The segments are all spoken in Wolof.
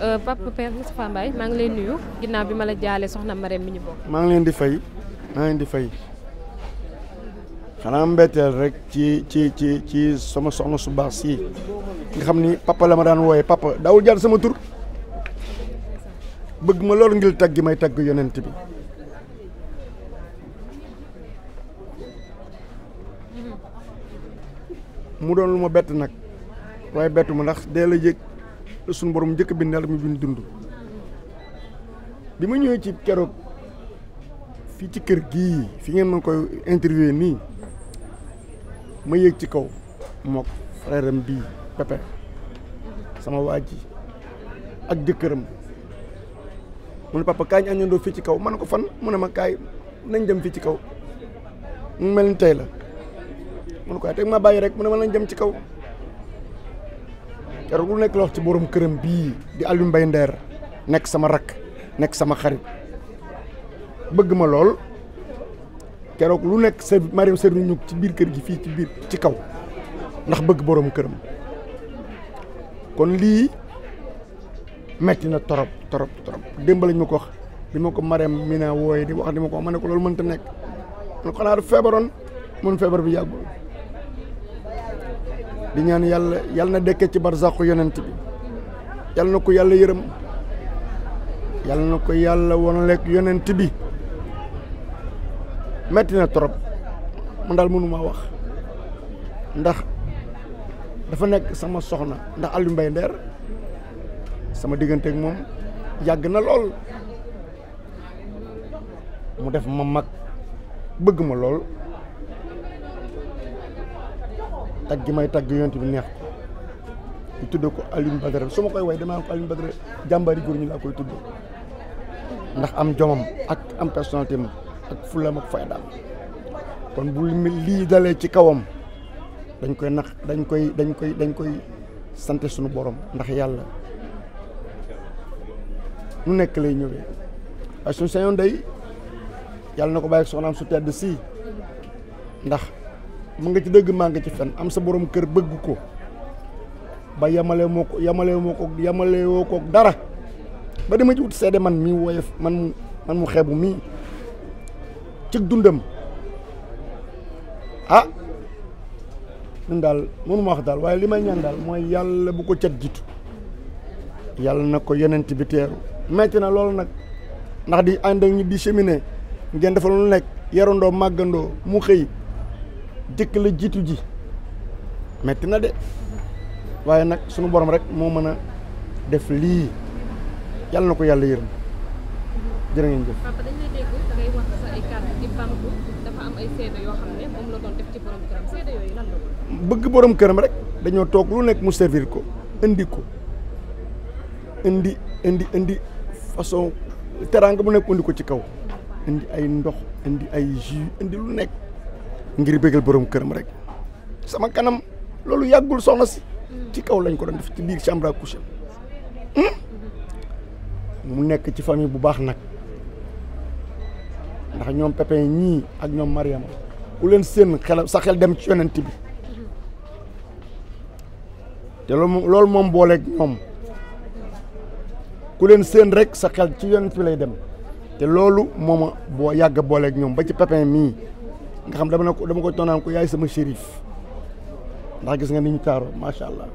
Euh, papa Père Moustapha Mbaye maa ngi leen nuyu ginnaaw bi ma la jaale soxna Marème mi ñu bokk. maa ngi leen di fay maa ngi leen di fay xanaa mbetteel rek ci ci ci ci sama soxna su baax si nga xam ni papa la ma daan wooyee papa daawul jaar sama tur bëgg ma loolu ngir tagg may tagg yonent bi. mu doon lu ma bett nag waaye bettu ndax dee la yëg. la suñu borom njëkk bind yàlla mu bind dund bi ma ñëwee ci keroog fii ci kër gii fii ngeen ma koy interviewé nii ma yéeg ci kaw mook bii Pepe sama waa ak jëkkëram mu ne papa kaay ñu fii ci kaw ma ko fan mu ne ma kaay nañ dem fii ci kaw mu mel ni tey la mu ne ko teg ma bàyyi rek mu ne ma nañ dem ci kaw te lu nekk la wax ci borom këram bii di Aliou Mbaye Nder nekk sama rakk nekk sama xarit bëgg ma lool keroog lu nekk ser Mariam servir ñu ci biir kër gi fii ci biir ci kaw ndax bëgg borom këram kon lii metti na torop torop torop démb lañ ma ko bi ma ko Mariam mi naa wooye di wax di ma ko wax ma ne ko loolu mënta nekk man xanaa du feebaroon mun feebar bi yàggul di ñaan yàlla yàlla na dekke ci barsàqu yonent bi yàlla na ko yàlla yërëm yàlla na ko yàlla wonaleeg yonent bi metti na trop man daal mënuma wax ndax dafa nekk sama soxna ndax Aliou Mbaye sama diggante ak moom yàgg na lool mu def ma mag bëgg ma lool tagg gi may tagg yonent bi neex ko ñu tuddee ko Alioune Badara su ma koy way damaa ko Alioune Badara jàmbaari góor ñi laa koy tudd ndax am jomam ak am personnalité am ak fulam ak faydaam kon bu lii dalee ci kawam dañ koy nax dañ koy dañ koy dañ koy sant suñu borom ndax yàlla mu nekk lay ñëwee waaye suñu sañoon day yàlla na ko bàyyi soxnaam su tedd sii ndax mu nga ci dëgg maa nga ci fen am sa borom kër bëgg ko ba yamale moo ko yamale moo ko yamale woo ko dara ba dama ci wut seede man mi woyof man man mu xeebu mii ci dundam ah ñun daal mënuma wax daal waaye li may ñaan daal mooy yàlla bu ko cat jiitu yàlla na ko yenent bi teeru metti na loolu nag ndax di ànd ak ñi di cheminer ngeen defal lu nekk yarandoo màggandoo mu xëy jëkk la jiitu ji metti na de waaye nag sunu borom rek moo mën a def lii yàlla na ko yàlla yërëm jërë ngeen bëgg boroom këram rek dañoo toog lu nekk mu servir ko indi ko indi indi indi façon teraanga bu nekk indi ko ci kaw indi ay ndox indi ay jus indi lu nekk. ngir bëggal borom këram rek sama kanam loolu yàggul soxna si ci kaw lañ ko doon def ci biir chambre à coucher hmm? mu nekk ci famille bu baax nag ndax ñoom Pépin ñii ak ñoom Mariama ku leen seen xel sa xel dem ci yonent bi te loolu moom booleeg ku leen seen rek sa xel ci yonent lay dem te loolu mooma boo yàgg booleek ñoom ba ci Pépin mii nga xam dama ne ko dama ko toonaan ko yaay sama shérif ndax gis nga ni ñu taaroo macha allah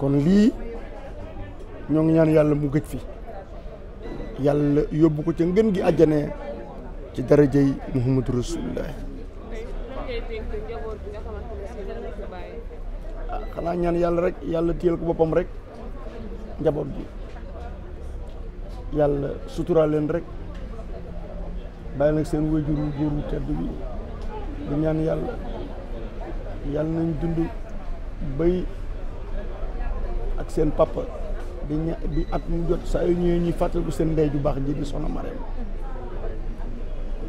kon lii ñoo ngi ñaan yàlla mu gëj fi yàlla yóbbu ko ca ngën gi àjjane ci darajay muhammadu rasulullah ah, xanaa ñaan yàlla rek yàlla téyel ko boppam rek njaboot bi yàlla suturaal leen rek bàyyi nag seen wajur wu góor wu tedd bi ñaan yàlla yàlla nañ dund bay ak seen papa di ña di at mu jot saa yu ñuy fàttaliku seen ndey ju baax ji di soxna Marème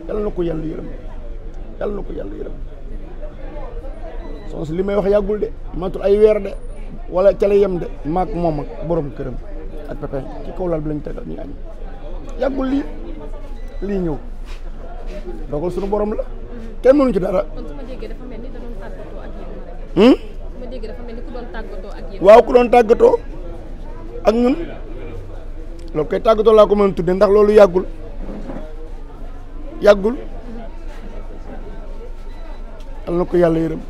yàlla na ko yàlla yërëm yàlla na ko yàlla yërëm soxna si li may wax yàggul de matul ay weer de wala ca la yem de maak moom ak borom këram ak pépin ci kaw lal bi lañ tegal ñu añ yàggul lii lii ñëw dogal suñu borom la kenn mënu ci dara. Hmm? ku doon tàggatoo ak yéen. waaw ku doon tàggatoo ak ñun loolu koy tàggatoo laa ko mën a ndax loolu yàggul yàggul am na ko yàlla yërëm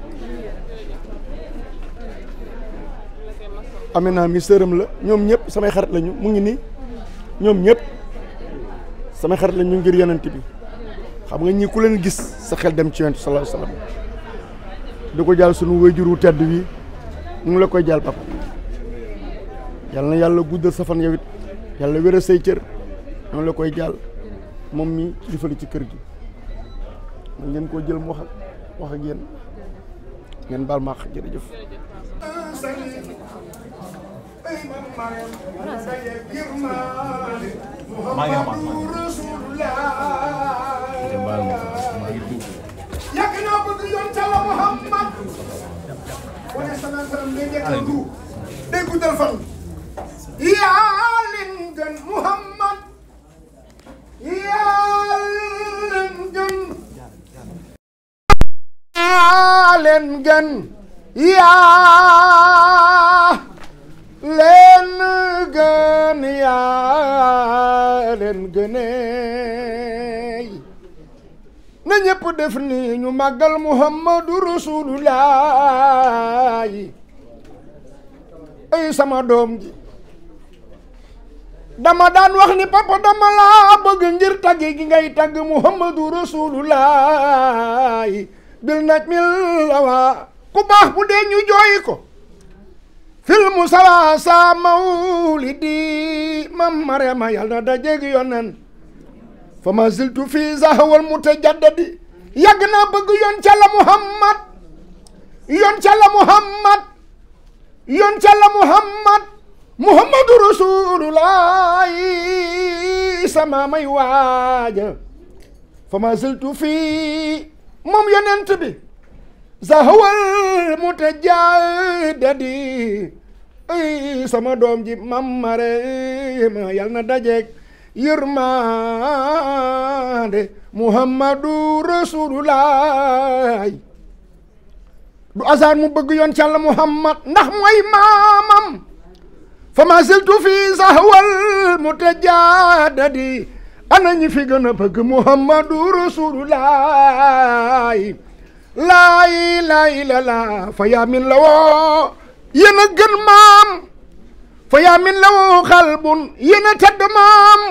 amina mi sërëm la ñoom ñëpp samay xarit lañu mu ngi nii ñoom ñëpp samay xarit lañu ngir yonent bi xam nga ñii ku leen gis sa xel dem ci yonent sallallahu alayhi wa sallam ko jàll sunu wéyjur wu tedd wi ñu ngi la koy jàll papa yal na yàlla guddal sa fan yow yàlla wéral say cër ñu ngi la koy jàll mi kilifa ci kër gi man ngeen koo jël mu wax ak wax ak yéen ngeen baal ma wax jërëjëf. maa baal ma maa ngi tuub yàgg naa bëgg yoon Talla Muhammad wane sama salam lay nekk du day guddal fan yaa leen gën Muhammad yaa leen gën yaa leen gën yaa leen gën yaa leen gën na def ni ñu màggal muhammadu rasulullaahi ay sama doom ji dama daan wax ni papa dama laa bëgg ngir tagg gi ngay tagg muhammadu rasulullaahi bil naj mil lawa ku baax bu dee ñu jooy ko filmu sawa sa mawlidi mam marema yàlla da jeg yonen fa ma ziltu fii zahawal mutajaddadi yàgg naa bëgg yoon ca la muhammad yoon ca muhammad muhammadu rasulullahi sama may waaja fa ma ziltu fii moom yonent bi zahawal mutajaddadi sama doom ji mam ma yàlla na dajeeg yërmande muhammadu rasulullah du azar mu bëgg yoon ci Yàlla muhammad ndax mooy maamam fa ma siltu fii sahwal mutajadadi ana ñi fi gën a bëgg muhammadu rasulullah laa ilaaha illallaah fa yaa min la woo yéen a gën maam fa yaamin law xalbun yéen a tedd maam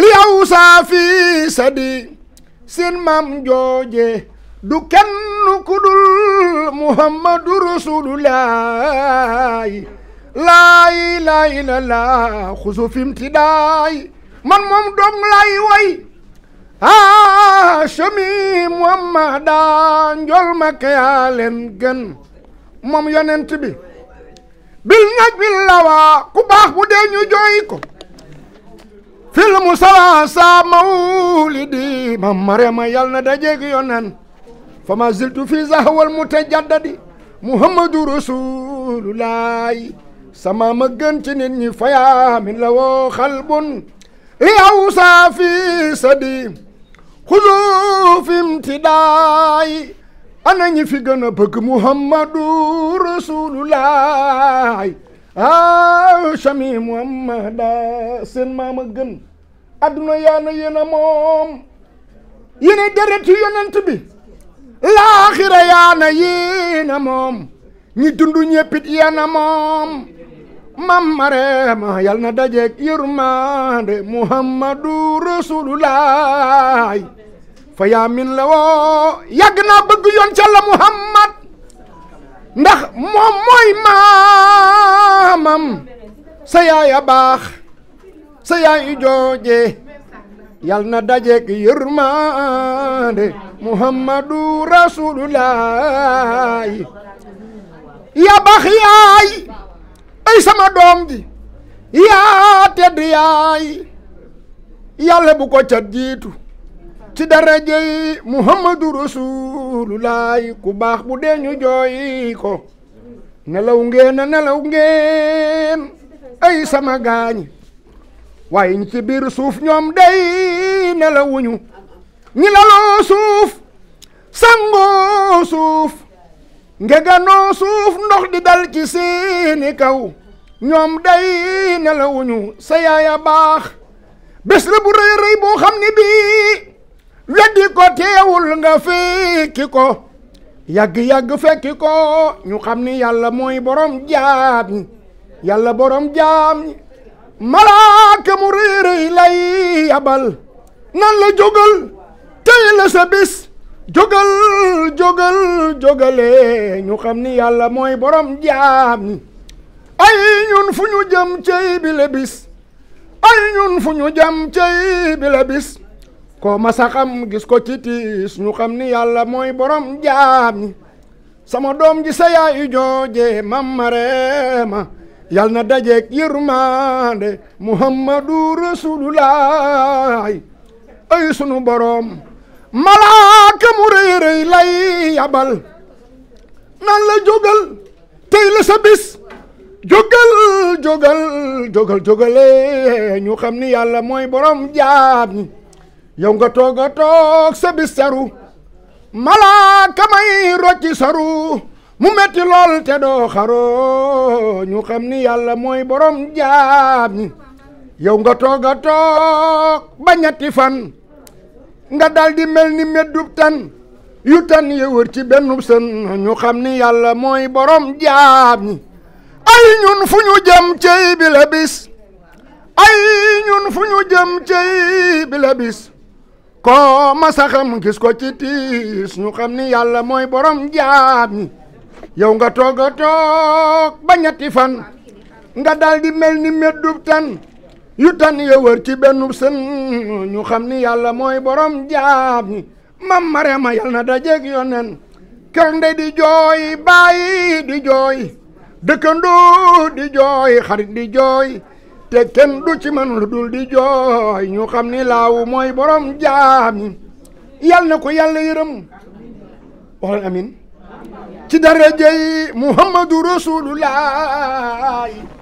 li aw saa fi sadi seen maam jooje du kenn ku dul muhammadu rasulullah laa ilaaha illallaah xusu fim ti daay man moom dong lay way haashimi muhammadan njol ma ka yaa leen moom yonent bi bil naj bil lawaa ku baax bu dee ñu jooy ko fil mawlidi ma marema yal na dajeeg yonan fa ma ziltu fi zahwal mutajaddadi muhammadu rasulullahi sama ma gën ci nit fayaa min la woo xalbun riyaw saa fi sadi xuzu fi imtidaayi ana ñi fi gën a bëgg muhammadu rasulullaay aaw ah, chami muhammada seen maam a gën adduna yaa na yéen moom yéen a deret yonent bi laaxira yaa na yéen moom ñi dund ñëppit yéen a moom mam mareema yal na dajeeg yërmande muhammadu rasulullaay fa yaamin la woo yàgg naa bëgg yoon ca la muhammad ndax moom mooy maamam sa yaaya baax sa yaay jooje yal na dajeek yërmande muhammadu rasulullah yaa baax yaay ay sama doom ji yaa tedd yaay yàlla bu ko ca ci darajey muhammadu rasulullaay ku baax bu dee ñu jooy ko nelaw ngeen a nelaw ngeen ay sama gaañ waaye ñu ci biir suuf ñoom day nelawuñu ñi laloo suuf sangoo suuf ngeganoo suuf ndox di dal ci seeni kaw ñoom day nelawuñu sa yaaya baax bés la rëy rëy boo xam ne bii weddi ko teewul nga fekki ko yàgg-yàgg fekki ko ñu xam ni yàlla mooy borom jaam ñi yàlla borom jaam malaaka mu réeréy lay yabal nan la jógal tey la sa bis jógal jógal jógale ñu xam ni yàlla mooy borom jaam ñi ay ñun fu ñu jëm cey bi la ay ñun fu ñu jëm cey bi la ko masa xam gis ko ci tiis ñu xam ni yàlla mooy borom jaam ñi sama doom ji sa yaayu jooje mammareema yal na dajeeg yërmande muhammadu rasululaay ay sunu borom malaaka mu rëy rëy lay yabal nan la jógal tey la sa bis jógal jógal ñu xam ni yàlla mooy borom jaam ñi yow nga toog a toog sa bis saru malaaka may rocci saru mu metti lool te doo xaroo ñu xam ni yàlla mooy borom jaam ñi yow nga toog a ba ñetti fan nga daldi mel ni meddub tan yu tan yi ci benn sën ñu xam ni yàlla mooy borom jaam ñi ay ñun fu ñu jëm cey bi la ay ñun fu ñu jëm cey bi la koo masa xam gis ko ci tiis ñu xam ni yàlla mooy borom jaam ñi yow nga toog a toog fan nga daldi mel ni meddub tan yu tan ya wër ci benn sën ñu xam ni yàlla mooy borom jaam ñi mam marema yal na dajeeg yonen kër ndey di jooy bàyyi di jooy dëkkandoo di jooy xarit di jooy te kenn du ci man lu dul di jooy ñu xam ni laaw mooy boroom jaami yal na ko yàlla yërëm waxal amin ci darajey muhammadu rasulullahi